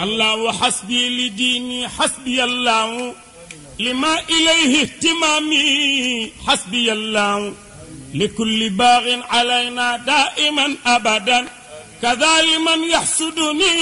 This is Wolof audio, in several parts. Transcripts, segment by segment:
الله حسبي لديني حسبي الله لما إليه اهتمامي حسبي الله لكل باغ علينا دائما أبدا كذا لمن يحسدني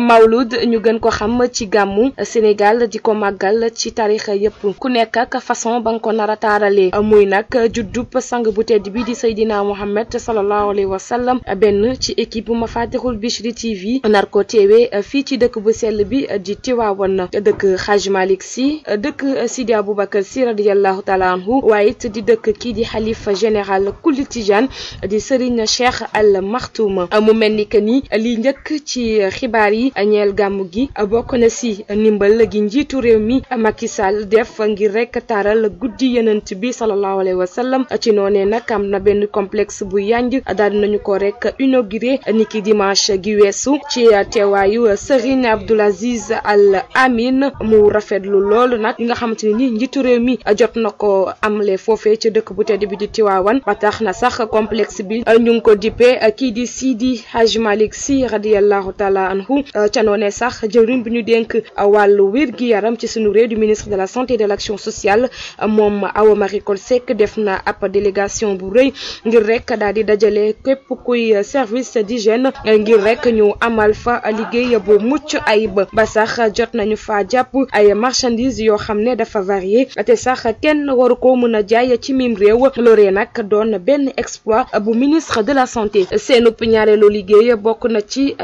mawlud ñu gën ko xam ci gàmmu Sénégal di ko màggal ci tarixa yépp ku nekk ak façon ba nga ko nar a muy nag juddub sang bu tedd bi di saydina Mohamed sallallahu alayhi wa sallam benn ci équipe bu Mafatihul Bichri TV nar ko fii ci dëkk bu sell bi di Tiwaawan dëkk Xaj Malik Si dëkk Sidi Aboubacar Si radiyallahu taala anhu waaye it di dëkk kii di xalifa général kulli tijaan di Serigne Cheikh Al Maktoum mu mel ni que ni lii njëkk njëkk ci xibaar yi ñeel gàmmu gi bokk na si ndimbal gi njiitu réew mi Macky Sall def ngir rek taaral guddi yenant bi sallallahu alayhi wa sallam ci noonee nag am na benn complexe bu yanj daal nañu ko rek inauguré niki dimanche gi weesu ci teewaayu Serigne Abdoul Aziz Al Amin mu rafetlu lool nag nga xamante ni njiitu réew mi jot na ko amle foofee ci dëkk bu tedd bi di Tiwaawan ba tax na sax complexe bi ñu ko dippee kii di Sidi Hadj Malick Sy radiallahu taala anhu euh, ca noonee sax jëwriñ bi ñu dénk euh, wàllu wér gi yaram ci suñu réew du ministre de la santé et de l' action sociale euh, moom Awa Marie Coll def na ab délégation bu rëy ngir rek daal di dajale képp kuy service d'hygiène ngir rek ñu amal fa liggéey bu mucc ay ba sax jot nañu fa jàpp ay marchandises yoo xam ne dafa varié te sax kenn waru ko mën a jaay ci mim réew loolee nag doon benn exploit bu ministre de la santé seenub ñaareelu liggéey bokk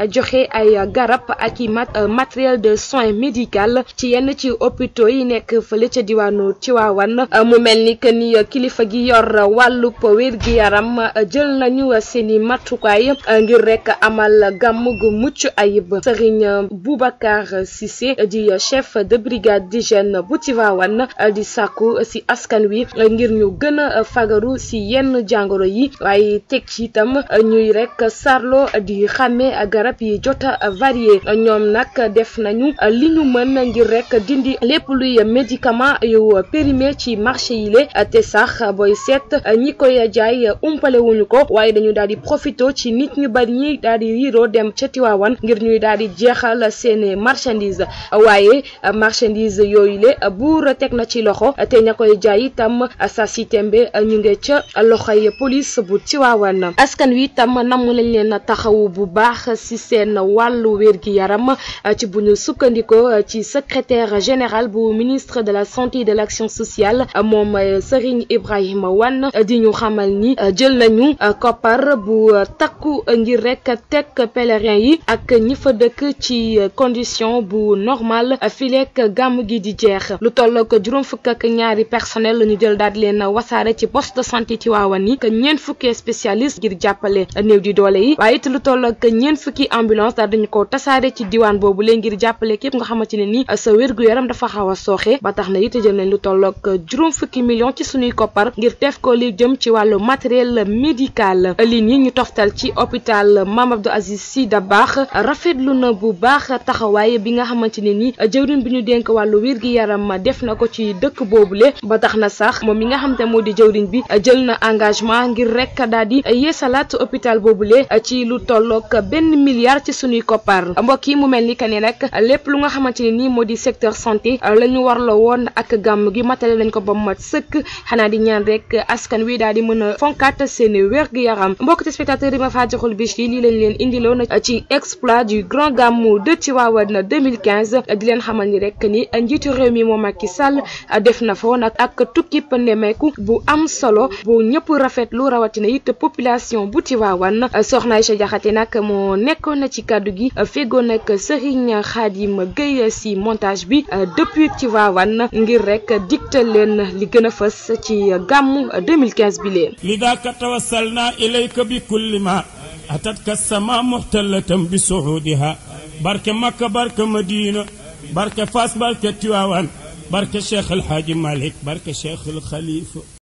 joxe ay garab ak i matériel de soins médical ci yenn ci opito yi nekk fële ca diwaanu Tiwaawan mu mel ni que ni kilifa gi yor wàllu wér gi yaram jël nañu seeni matukaay ngir rek amal gàmm gu mucc ayib Serigne Boubacar Cissé di chef de brigade d'hygiène bu Tiwaawan di sàkku si askan wi ngir ñu gën a fagaru si yenn jàngoro yi waaye teg ci itam ñuy rek sarlo di xàmme garab garab yi jot a varié ñoom nag def nañu li ñu mën ngir rek dindi lépp lu luy médicament yu périmé ci marché yi la te sax booy seet ñi koy jaay umpale wuñu ko waaye dañu daal di profité ci nit ñu bari ñi daal di riiroo dem ca Tiwaawan ngir ñuy daal di jeexal seeni marchandise waaye marchandise yooyu la buur teg na ci loxo te ña koy jaay itam sa si tembe ñu ngi ca loxoy police bu Tiwaawan askan wi itam namm lañ leen taxawu bu baax si seen wàllu wér-gi-yaram euh, ci buñu ñu sukkandikoo euh, ci secrétaire général bu ministre de la santé et de l'action sociale euh, moom Serigne Ibrahima Wane di ñu xamal ni jël nañu koppar bu takku ngir rek teg pèlerin yi ak ñi fa dëkk ci condition bu normal fileek gàmm gi di jeex lu toll juróom fukk ak ñaari personnel la ñu jël daat leen wasaare ci poste de santé Tivaouane yi ñeent fukki spécialiste ngir jàppale néew di doole yi waaye it lu toll ak ñeent fukki ambulance daal dañu ko tasaare ci diwaan boobu lee ngir jàppale képp nga xamante ne ni sa wér-gu-yaram dafa xaw a ba tax na it jël nañ lu tolloog juróom fukki million ci suñuy koppar ngir teef ko li jëm ci wàllu matériel médical li ni ñu toftal ci hôpital Mame Abdou Aziz baax rafet lu na bu baax taxawaay bi nga xamante ne nii jëwriñ bi ñu dénk wàllu wér-gu-yaram def na ko ci dëkk boobu boobule ba tax na sax moom yi nga xam te moo di jëwriñ bi jël na engagement ngir rek daal di yeesalaat hôpital boobule ci lu tolloog benn million milliards ci suñuy koppar mbokk mu mel ni que ne nag lépp lu nga xamante ne nii moo di secteur santé la ñu warloo woon ak gàmm gi matale lañ ko ba mat sëkk xanaa di ñaan rek askan wi daal di mën a fonkaat seen wér-gu-yaram mbokk ci spectateur yi ma faa joxul bis yi lii lañ leen indiloon ci exploit du grand gàmmu de Tivaouane 2015 di leen xamal ni rek ni njiitu réew mi moo Macky sal def na foon ak tukki ndemeeku bu am solo bu ñëpp rafetlu rawatina it population bu Tivaouane soxna Aïcha nekkoon na ci kàddu gi fegoon nag Serigne Khadim Gueye si montage bi depuis Tivaouane ngir rek digtal leen li gën a fës ci gàmmu 2015 bi leen lidaka tawassalna ilayka bi kulli ma atatka sama muxtalatan bi suudiha barke makka